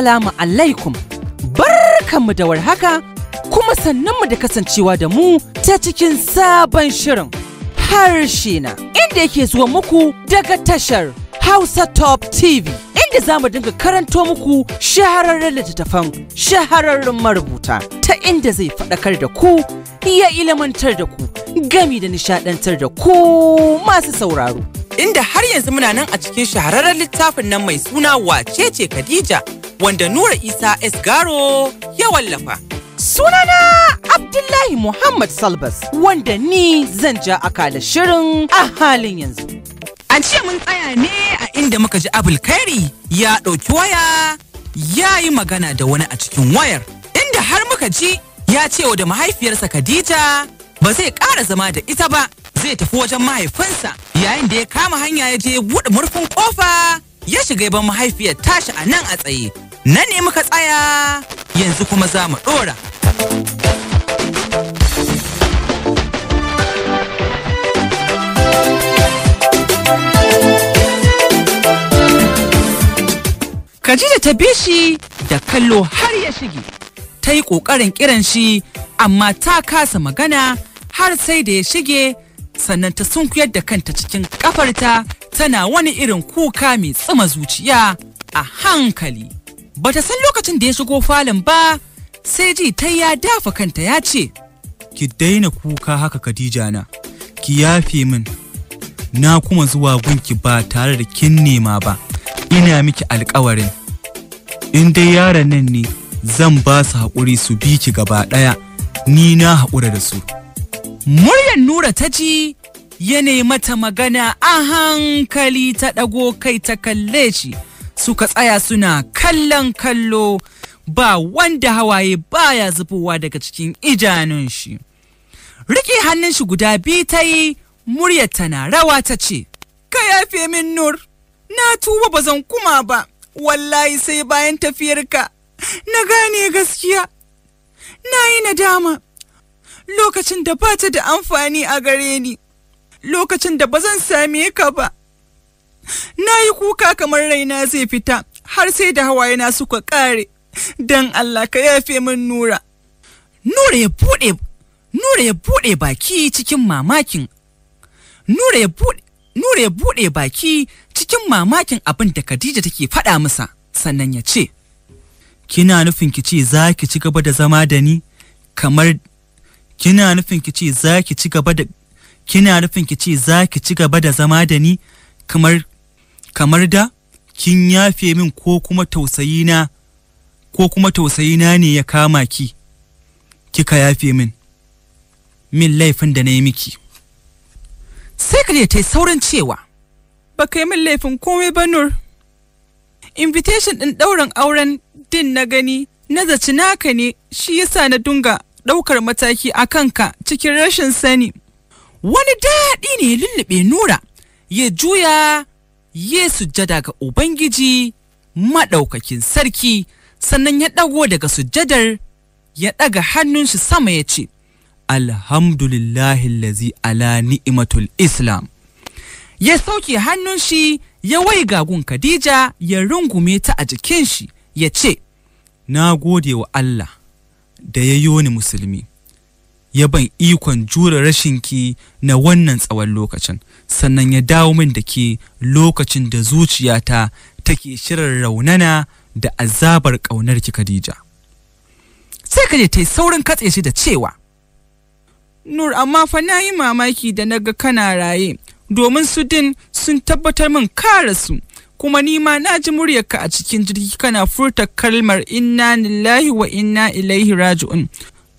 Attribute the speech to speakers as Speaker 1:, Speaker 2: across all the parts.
Speaker 1: Assalamu alaikum, barkanmu da warhaka kuma sannanmu da kasancewa da mu ta cikin sabon shirin harshe na inda yake zuwa muku daga tashar Hausa Top TV inda za mu dinga karanto muku shahararren littattafan shahararren marubuta ta inda zai faɗakar da ku ya ilimantar da ku gami da nishadantar da ku masu sauraro. inda har yanzu muna nan a cikin shahararren littafin nan mai suna wace ce Khadija wanda Nura Isa esgaro ya wallafa. Sunana Abdullahi Muhammad Salbas wanda ni zan ja akala shirin a halin yanzu. An ce mun tsaya ne a inda muka ji Abul ya ɗauki waya ya yi magana da wani a cikin wayar inda har muka ji ya ce wa da mahaifiyarsa Khadija ba zai ƙara zama da ita ba zai tafi wajen mahaifinsa yayin da ya kama hanya ya je buɗe murfin kofa ya shiga ban mahaifiyar tashi a nan a tsaye na ne muka tsaya yanzu kuma za mu ɗora. Khadija ta bi shi da kallo har ya shige, ta yi ƙoƙarin kiran shi amma ta kasa magana har sai da ya shige sannan ta sunkuyar da kanta cikin ƙafarta tana wani irin kuka mai tsuma zuciya a hankali. bata san lokacin da ya shigo falon ba sai ji ta ya dafa kanta ya ce
Speaker 2: ki daina kuka haka Khadija na ki yafe min na kuma zuwa gunki ba tare da kin nema ba ina miki alkawarin in dai yaran nan ne zan ba su haƙuri su bi ki gaba ɗaya ni na haƙura da su
Speaker 1: muryar nura ta ji ya mata magana a hankali ta ɗago kai ta kalle shi suka tsaya suna kallon kallo ba wanda hawaye baya zubowa daga cikin idanun shi. Riƙe hannun shi guda biyu ta yi muryar tana rawa ta ce, Ka yafe min nur, na tuba ba zan kuma ba, wallahi sai bayan tafiyarka, na gane gaskiya, na yi nadama, lokacin da ba ta da amfani a gare ni, lokacin da ba zan same ka ba. na yi kuka kamar raina zai fita har sai da hawayena suka kare don Allah ka yafe min nura. Nura ya buɗe Nura ya buɗe baki cikin mamakin Nura ya buɗe Nura ya buɗe baki cikin mamakin abin da Khadija take faɗa masa sannan ya ce Kina nufin ki ce za ki ci gaba da zama da ni kamar
Speaker 2: kina nufin ki ce za ki ci gaba da kina nufin ki ce za ki ci gaba da zama da ni kamar kamar da kin yafe min ko kuma tausayina ko kuma tausayina ne ya kama ki kika yafe min
Speaker 1: min laifin da na yi miki sai ka ta yi saurin cewa ba ka yi min laifin komai ba nur invitation ɗin ɗaurin auren din na gani na zaci naka ne shi yasa na dunga ɗaukar mataki a kanka cikin rashin sani wani daɗi ne ya lullube nura ya juya ya sujjada ga Ubangiji maɗaukakin sarki sannan ya ɗago daga sujjadar ya ɗaga hannun shi sama ya ce, Alhamdulillahi lazi ala ni'imatul Islam. Ya sauke hannun shi ya wai gagun Khadija ya rungume ta a jikin shi ya ce, Na gode wa Allah
Speaker 2: da ya yoni musulmi, ya ban ikon jure rashinki na wannan tsawon lokacin. sannan ya dawo min da ke lokacin da zuciyata take shirin raunana da
Speaker 1: azabar ƙaunar ki Khadija. Sai ka je ta yi saurin katse shi da cewa, Nur amma fa na yi mamaki da na ga kana raye, domin su din sun tabbatar min kara su, kuma ni ma na ji muryarka a cikin jirgi kana furta kalmar inna lillahi wa inna ilaihi raju'un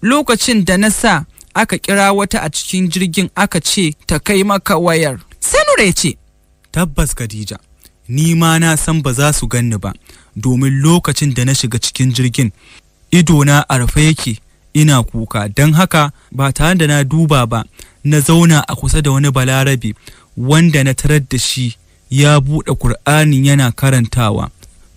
Speaker 1: Lokacin da na sa aka kira wata a cikin jirgin aka ce ta kai maka wayar. Sanura ya ce,
Speaker 2: Tabbas Khadija, ni ma na san ba za su ganni ba, domin lokacin da na shiga cikin jirgin, idona a rufe yake ina kuka, don haka ba tare da na duba ba, na zauna a kusa da wani balarabe wanda na tarar da shi ya buɗe Kur'ani yana karantawa.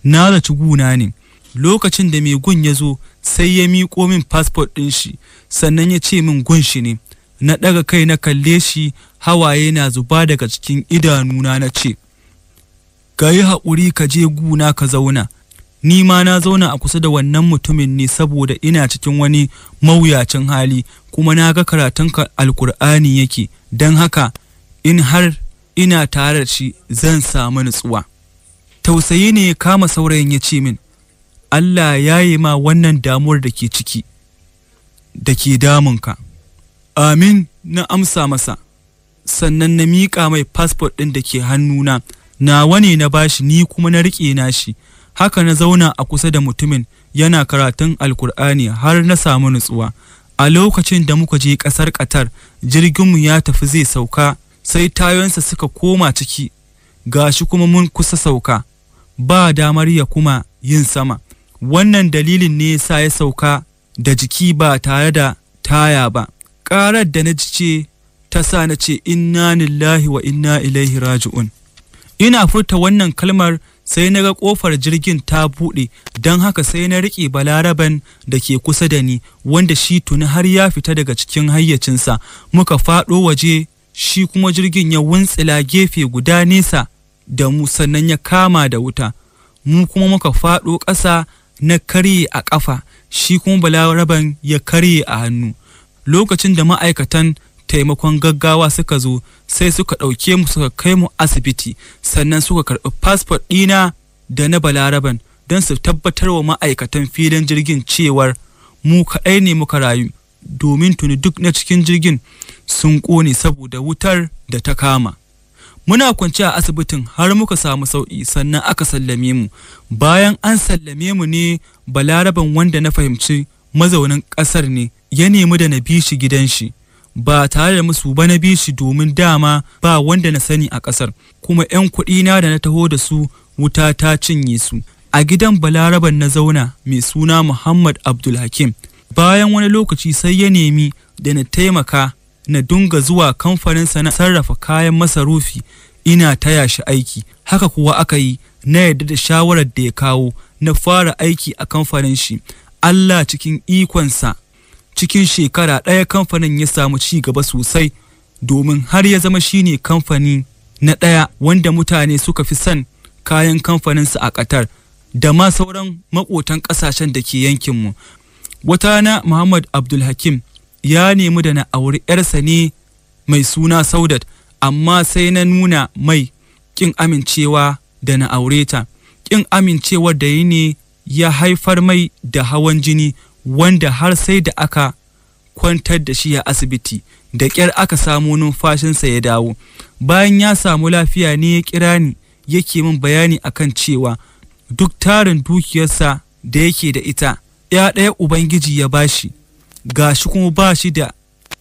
Speaker 2: Na zaci guna ne, lokacin da mai gun ya zo sai ya miƙo min fasfot ɗin shi sannan ya ce min shi ne na ɗaga kai na kalle shi hawaye na zuba daga cikin idanuna na ce ka yi haƙuri ka je guna ka zauna ni ma na zauna a kusa da wannan mutumin ne saboda ina cikin wani mawuyacin hali kuma na ga karatun alkur'ani yake don haka in har ina tare da shi zan samu nutsuwa tausayi ne ya kama saurayin ya ce min Allah ya yi ma wannan damuwar da ke ciki da ke damunka amin na amsa masa sannan na miƙa mai fasfot ɗin da ke hannuna nawa ne na bashi ni kuma na riƙe nashi haka na zauna a kusa da mutumin yana karatun alkur'ani har na samu nutsuwa a lokacin da muka je ƙasar ƙatar jirginmu ya tafi zai sauka sai tayonsa suka koma ciki gashi kuma mun kusa sauka ba damar ya kuma yin sama wannan dalilin ne sa ya sauka da jiki ba tare da taya ba ƙarar da na ji ce ta sa na ce inna lillahi wa inna ilaihi raji'un ina furta wannan kalmar sai na ga ƙofar jirgin ta buɗe don haka sai na riƙe balaraban da ke kusa da ni wanda shi tuni har ya fita daga cikin hayyacinsa muka faɗo waje shi kuma jirgin ya wuntsila gefe guda nesa da mu sannan ya kama da wuta mu kuma muka faɗo ƙasa na karye a ƙafa shi kuma balaraban ya karye a hannu lokacin da ma'aikatan taimakon gaggawa suka zo sai suka ɗauke mu suka kai mu asibiti sannan suka karɓi fasfot ɗina da na balaraban don su tabbatar wa ma'aikatan filin jirgin cewar mu kaɗai ne muka rayu domin tuni duk na cikin jirgin sun ƙone saboda wutar da ta kama muna kwance a asibitin har muka samu sauƙi sannan aka sallame mu bayan an sallame mu ne balaraban wanda na fahimci mazaunin ƙasar ne ya nemi da na bi shi gidan shi ba tare da musu ba na bi shi domin dama ba wanda na sani a ƙasar kuma 'yan kuɗi na da na taho da su wuta ta cinye su a gidan balaraban na zauna mai suna muhammad abdulhakim bayan wani lokaci sai ya nemi da na taimaka na dunga zuwa kamfanin na sarrafa kayan masarufi ina taya shi aiki haka kuwa aka yi na yarda da shawarar da ya kawo na fara aiki a kamfanin shi Allah cikin ikonsa cikin shekara ɗaya kamfanin ya samu ci gaba sosai domin har ya zama shine kamfani na ɗaya wanda mutane suka fi son kayan kamfaninsa a ƙatar da ma sauran maƙotan ƙasashen da ke yankinmu. wata Watana Muhammad Abdulhakim ya nemi da na auri 'yarsa ne mai suna saudat amma sai na nuna mai ƙin amincewa da na aure ta ƙin amincewar da yi ne ya haifar mai da hawan jini wanda har sai da aka kwantar da shi a asibiti da ƙyar aka samo numfashinsa ya dawo bayan ya samu lafiya ne ya kira ni yake min bayani akan cewa duk tarin dukiyarsa da yake da ita ya ɗaya ubangiji ya bashi Ga shi kuma ba shi da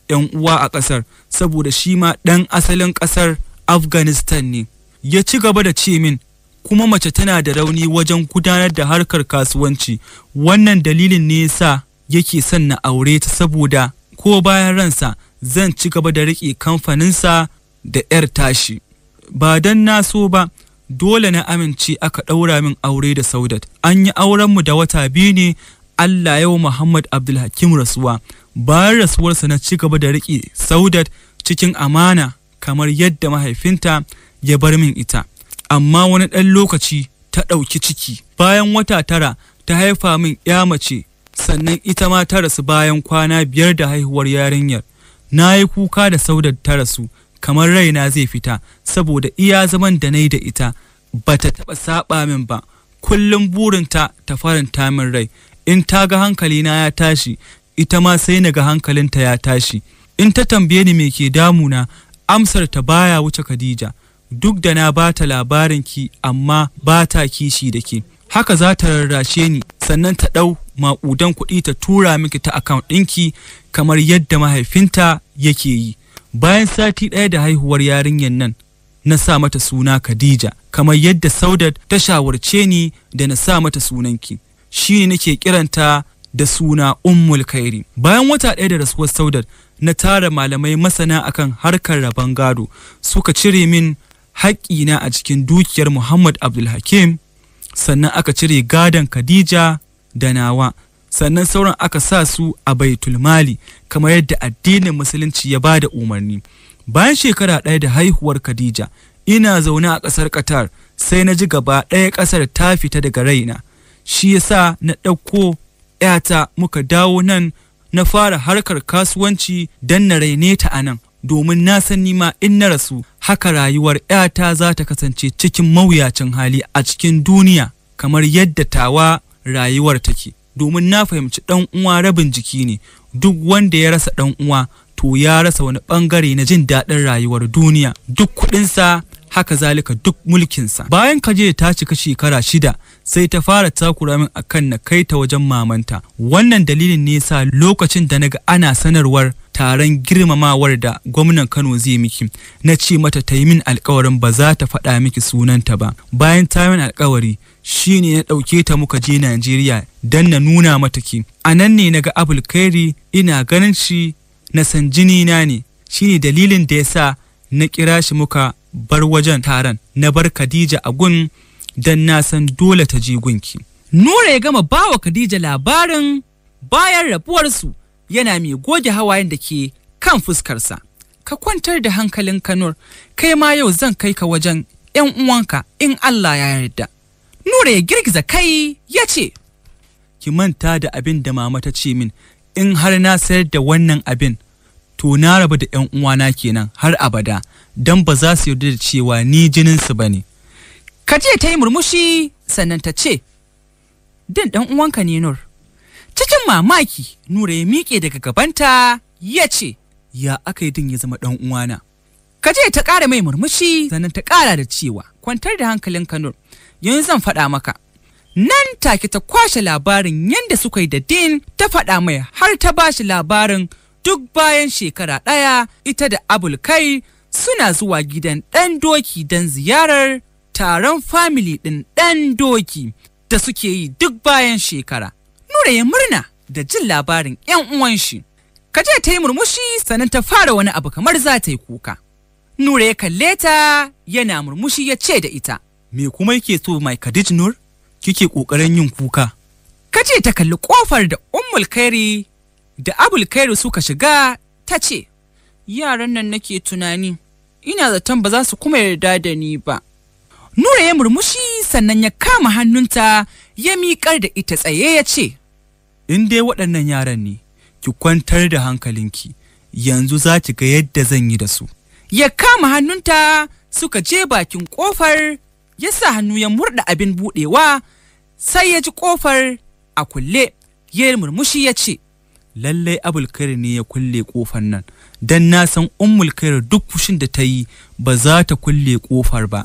Speaker 2: 'yan uwa a ƙasar saboda shi ma ɗan asalin ƙasar afghanistan ne ya ci gaba da ce min kuma mace tana da rauni wajen gudanar da harkar kasuwanci wannan dalilin ne sa yake son na aure ta saboda ko bayan ransa zan ci gaba da riƙe kamfaninsa da 'yar tashi ba don na so ba dole na amince aka ɗaura min aure da saudat an yi aurenmu da wata biyu ne Allah yau Muhammad Abdulhakim rasuwa bayan rasuwarsa na ci gaba da riƙe Saudat cikin amana kamar yadda mahaifinta ya bar min ita amma wani ɗan lokaci ta ɗauki ciki bayan wata tara ta haifa min ya mace sannan ita ma ta rasu bayan kwana biyar da haihuwar yarinyar na yi kuka da Saudat ta rasu kamar raina zai fita saboda iya zaman da na yi da ita bata taɓa saɓa min ba kullum burinta ta faranta min rai in ta ga hankalina ya tashi ita ma sai na ga hankalinta ya tashi in ta tambaye ni me ke damuna amsar ta baya wuce Khadija duk da na ba ta labarin ki amma ba ta kishi da ke haka za ta rarrashe ni sannan ta ɗau maƙudan kuɗi ta tura miki ta akaunt ɗinki kamar yadda mahaifinta yake yi bayan sati ɗaya da haihuwar yarinyar nan na sa mata suna Khadija kamar yadda Saudat ta shawarce ni da na sa mata sunanki. shine nake kiranta da suna ummul kairi bayan wata ɗaya da rasuwar saudat na tara malamai masana akan harkar rabon gado suka cire min haƙƙina a cikin dukiyar muhammad abdulhakim sannan aka cire gadon khadija da nawa sannan sauran aka sa su a baitul mali kamar yadda addinin musulunci ya ba da umarni bayan shekara ɗaya da haihuwar khadija ina zaune a ƙasar qatar sai na ji gaba ɗaya ƙasar ta fita daga raina shi yasa na ɗauko ‘yata muka dawo nan na fara harkar kasuwanci don na raine ta a nan domin na san nima in na rasu haka rayuwar ‘yata za ta kasance cikin mawuyacin hali a cikin duniya kamar yadda tawa rayuwar take domin na fahimci ɗan uwa rabin jiki ne duk wanda ya rasa ɗan uwa to ya rasa wani ɓangare na jin daɗin rayuwar duniya duk kuɗinsa haka zalika duk mulkinsa bayan kaje ta cika shekara shida sai ta fara takura min akan na kai ta wajen mamanta wannan dalilin ne sa lokacin da naga ana sanarwar taron girmamawar da gwamnan Kano zai miki na ce mata ta yi min alkawarin ba za ta faɗa miki sunanta ba bayan ta min alkawari ne na ɗauke ta muka je Najeriya don na nuna mata ki a nan ne naga Abul Kairi ina ganin shi na san jini na ne shine dalilin da yasa na kira shi muka bar wajen taron na bar Khadija a gun don na san dole ta je gunki.
Speaker 1: Nura ya gama ba wa Khadija labarin bayan rabuwarsu yana mai goge hawayen da ke kan fuskarsa. Ka kwantar da hankalin Kanur, kai ma yau zan kai ka wajen 'yan uwanka in Allah ya yarda. Nura ya girgiza kai ya ce,
Speaker 2: Ki manta da abin da mama ta ce min, in har na sayar da wannan abin, to na rabu da 'yan uwana kenan har abada. don ba za su yarda da cewa ni jininsu ba ne.
Speaker 1: Ka je ta yi murmushi sannan ta ce, Din ɗan uwanka ne Nur. Cikin mamaki, Nura ya miƙe daga gabanta ya ce, Ya aka yi din ya zama ɗan uwana. Ka je ta ƙara mai murmushi sannan ta ƙara da cewa, Kwantar da hankalin ka Nur, yanzu zan faɗa maka. Nan take ta kwashe labarin yadda suka yi da din ta faɗa mai har ta bashi labarin duk bayan shekara ɗaya ita da abul-kai. suna zuwa gidan ɗan doki don ziyarar taron famili ɗin ɗan doki da suke yi duk bayan shekara. Nura ya murna da jin labarin 'yan uwan shi. Kaje ta yi murmushi sannan ta fara wani abu kamar za ta yi kuka. Nura ya kalle ta yana murmushi ya ce da ita. Me kuma yake so mai kadij Nur? Kike ƙoƙarin yin kuka. Kaje ta kalli ƙofar da Ummul Kairi da Abul Kairi suka shiga ta ce, yaran nan nake tunani ina zaton ba za su kuma yarda da ni ba nura ya murmushi sannan ya kama hannunta ya miƙar da ita tsaye ya ce in dai waɗannan yaran ne ki kwantar da hankalinki
Speaker 2: yanzu za ki ga yadda zan yi da su
Speaker 1: ya kama hannunta suka je bakin ƙofar ya sa hannu ya murɗa abin buɗewa sai ya ji ƙofar a kulle ya murmushi ya ce lallai abulkari ne ya kulle
Speaker 2: ƙofar nan don na san ummul kaira duk fushin da ta yi ba za ta kulle kofar ba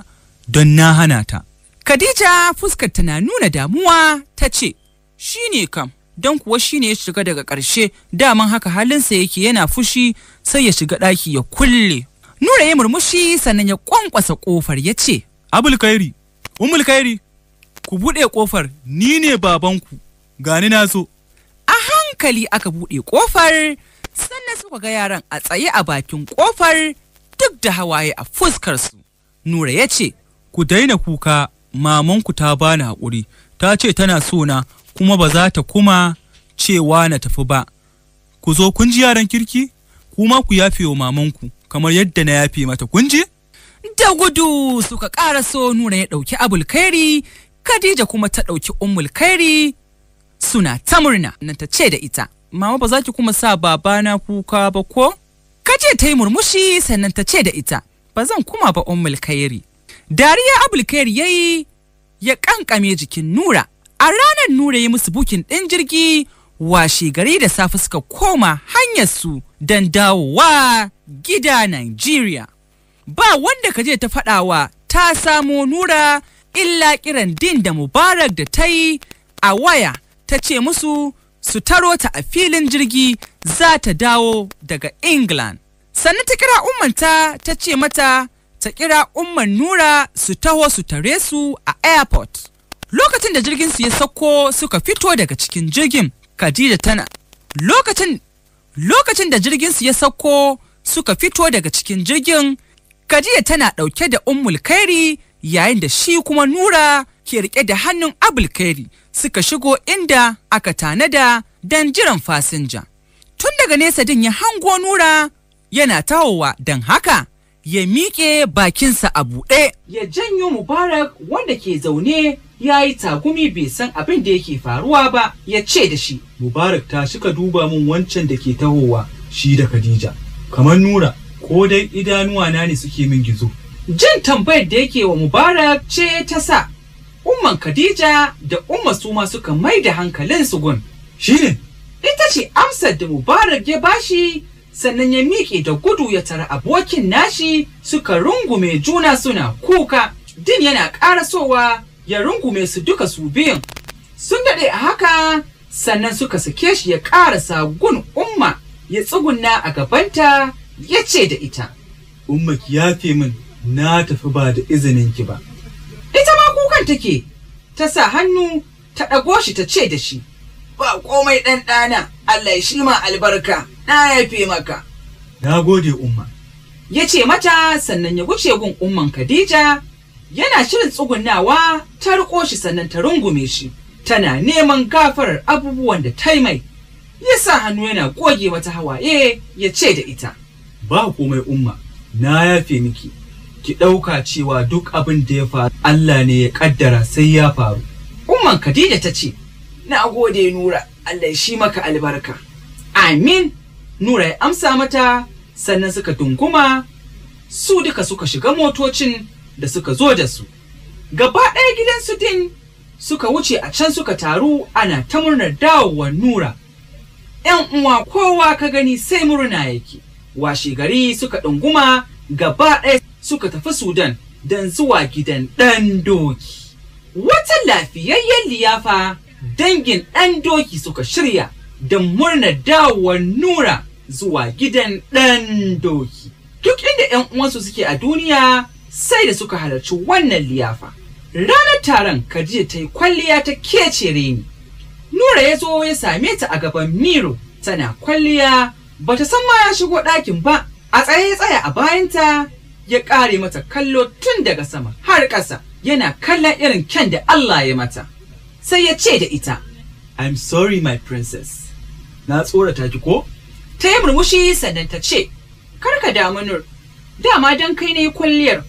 Speaker 2: don na hana ta
Speaker 1: khadija fuskar ta na nuna damuwa ta ce shi ne kam don kuwa shi ne ya shiga daga ƙarshe daman haka halinsa yake yana fushi sai ya shiga ɗaki ya kulle nura ya murmushi sannan ya kwankwasa ƙofar ya ce abul kairi umul kairi ku buɗe ƙofar ni ne
Speaker 2: babanku
Speaker 1: gani na so. a hankali aka buɗe ƙofar sannan suka ga yaran a tsaye a bakin kofar duk da hawaye a fuskarsu nura ya ce
Speaker 2: ku daina kuka mamanku ta bani haƙuri ta ce tana sona kuma ba za ta kuma cewa na tafi ba ku zo kun ji yaran kirki
Speaker 1: kuma ku yafe wa mamanku kamar yadda na yafe mata kun ji da gudu suka ƙara so nura ya ɗauki abulkairi khadija kuma ta ɗauki ummulkairi suna ta murna nan ta ce da ita mama ba za ki kuma sa babana kuka ba ko? Ka ce ta yi murmushi sannan ta ce da ita, ba zan kuma ba ummul kairi. Dariya abul kairi ya yi ya kankame jikin Nura. A ranar Nura ya musu bukin ɗin jirgi washe gari da safe suka koma hanyar hanyarsu don dawowa gida Nigeria. Ba wanda ka je ta faɗawa ta samo Nura illa kiran din da Mubarak da ta yi a waya ta ce musu su taro ta a filin jirgi za ta dawo daga England. Sannan ta kira ummanta ta ce mata ta kira umar Nura su taho su tare su a airport. Lokacin da jirgin su ya sauko suka fito daga cikin jirgin Khadija tana. Lokacin lokacin da jirgin su ya sauko suka fito daga cikin jirgin Khadija tana ɗauke da Ummul Kairi yayin da shi kuma Nura ke rike da hannun abulkairi suka shigo inda aka tanada don jiran fasinja. Tun daga nesa din ya hango nura yana tahowa don haka ya miƙe bakinsa a buɗe. Ya janyo Mubarak wanda ke zaune ya yi takumi bai san abin da yake faruwa ba ya ce da shi. Mubarak ta shika duba min wancan da ke tahowa shi da
Speaker 2: Khadija. Kamar nura ko dai idanuwa na ne suke min gizo. Jin tambayar
Speaker 1: da yake wa Mubarak ce ta sa umman Khadija da umma su ma suka mai da hankalin su gun. Shine? Ita ce amsar da Mubarak ya bashi sannan ya miƙe da gudu ya tara abokin nashi suka rungume juna suna kuka. Din yana ƙarasowa ya rungume su duka su biyun. Sun daɗe a haka sannan suka sake shi ya ƙarasa gun umma ya tsugunna a gabanta ya ce da ita.
Speaker 2: Umma ki yafe min na tafi ba da izininki ba.
Speaker 1: Umar take ta sa hannu ta ɗago shi ta ce da shi ba komai ɗan ɗana Allah ya shima albarka na yafe maka. Na gode umma. Ya ce mata sannan ya wuce gun umman Khadija yana shirin tsugunawa ta riko shi sannan ta rungume shi tana neman gafarar abubuwan da ta mai ya sa hannu yana goge mata hawaye ya ce da ita.
Speaker 2: Ba komai umma na yafe miki. ki ɗauka cewa duk abin da ya faru Allah ne ya ƙaddara sai ya faru. Umman Khadija ta ce,
Speaker 1: Na gode Nura, Allah shi maka albarka. Amin. Nura ya amsa mata sannan suka dunguma su duka suka shiga motocin da suka zo da su. Gaba ɗaya gidan su din suka wuce a can suka taru ana ta murnar dawowar Nura. ‘Yan uwa kowa ka gani sai murna yake. Washe gari suka ɗunguma gaba ɗaya suka tafi Sudan don zuwa gidan ɗan doki. Wata lafiyayyen liyafa dangin ɗan doki suka shirya don murnar dawowar Nura zuwa gidan ɗan doki. Duk inda 'yan uwansu suke a duniya sai da suka halarci wannan liyafa. Ranar taron Khadija ta yi kwalliya ta kecere ni. Nura ya zo ya same ta a gaban Miro tana kwalliya bata san ma ya shigo ɗakin ba a tsaye tsaya a bayanta ya ƙare mata kallo tun daga sama har ƙasa yana kallon irin kyan da Allah ya mata. Sai ya ce da ita, I'm sorry my princess, na tsorata ki ko? Ta yi murmushi sannan ta ce, Karka damu Nur, dama don kai ne kwalliyar,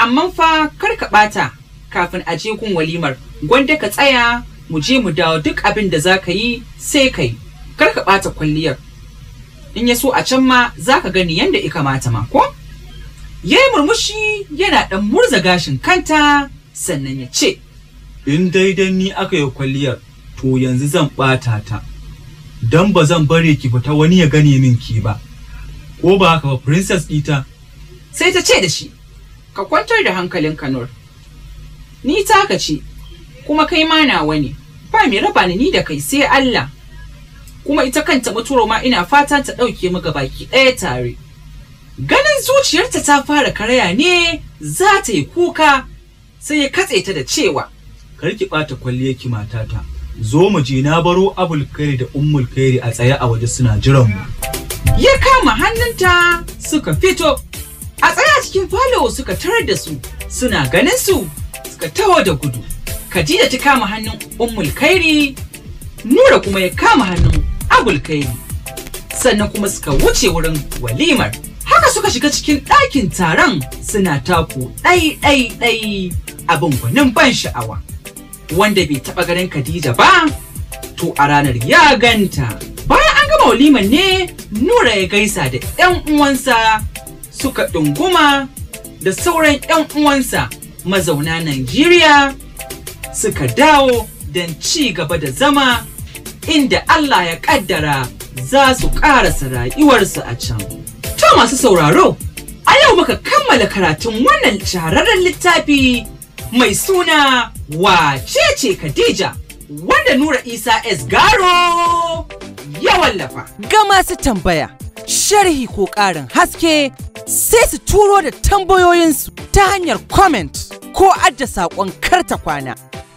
Speaker 1: amma fa kar ka ɓata kafin a je kun walimar, gwanda ka tsaya mu je mu dawo duk abin da za ka yi sai ka yi, karka ɓata kwalliyar. In ya so a can ma za ka gani yadda ika mata ma ko? ya yi murmushi yana ɗan murza gashin kanta sannan ya ce
Speaker 2: in daidai ni aka yi kwalliyar to yanzu zan ɓata ta Dan ba zan bare ki fita wani ya gane min ki ba
Speaker 1: ko ba haka ba princess ita sai ta ce da shi ka kwantar da hankalin kanur ni taka ce kuma kai ma na wani. ba mai raba ni da kai sai Allah kuma ita kanta mutuwar ma ina fata ta ɗauke mu baki ɗaya tare Ganin zuciyarta ta fara karaya ne za ta yi kuka sai ya katse ta da cewa, Karki ɓata ki matata, zo
Speaker 2: mu je na baro abul kairi da ummul kairi a tsaye a waje suna jiran mu.
Speaker 1: Ya kama hannunta suka fito, a tsaya cikin falo suka tarar da su suna ganin su suka taho da gudu. Khadija ta kama hannun ummul kairi, Nura kuma ya kama hannun abul kairi. Sannan kuma suka wuce wurin walimar. haka suka shiga cikin ɗakin taron suna taku ɗai-ɗai-ɗai abin gwanin ban sha'awa. Wanda bai taɓa ganin Khadija ba, to a ranar ya ganta. Bayan an gama waliman ne, Nura ya gaisa da 'yan uwansa suka ɗunguma da sauran 'yan uwansa mazauna Najeriya suka dawo don ci gaba da zama inda Allah ya ƙaddara za su ƙarasa rayuwarsu a can. To masu sauraro, a yau muka kammala karatun wannan shahararren littafi mai suna wacece Khadija wanda Nura Isa S. Garo ya wallafa. Ga masu tambaya, sharhi ko ƙarin haske sai su turo da tambayoyinsu ta hanyar comment ko adda saƙon karta kwana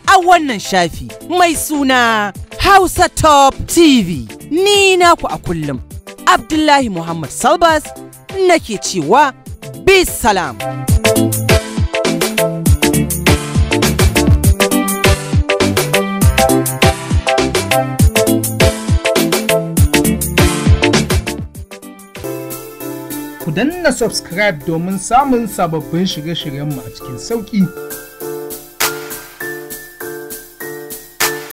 Speaker 1: a wannan shafi mai suna Hausa Top TV. Ni naku a kullum. Abdullahi Muhammad Salbas nake cewa bisalam. salam.
Speaker 2: ku danna subscribe domin samun sababbin shirye-shiryenmu a cikin sauƙi.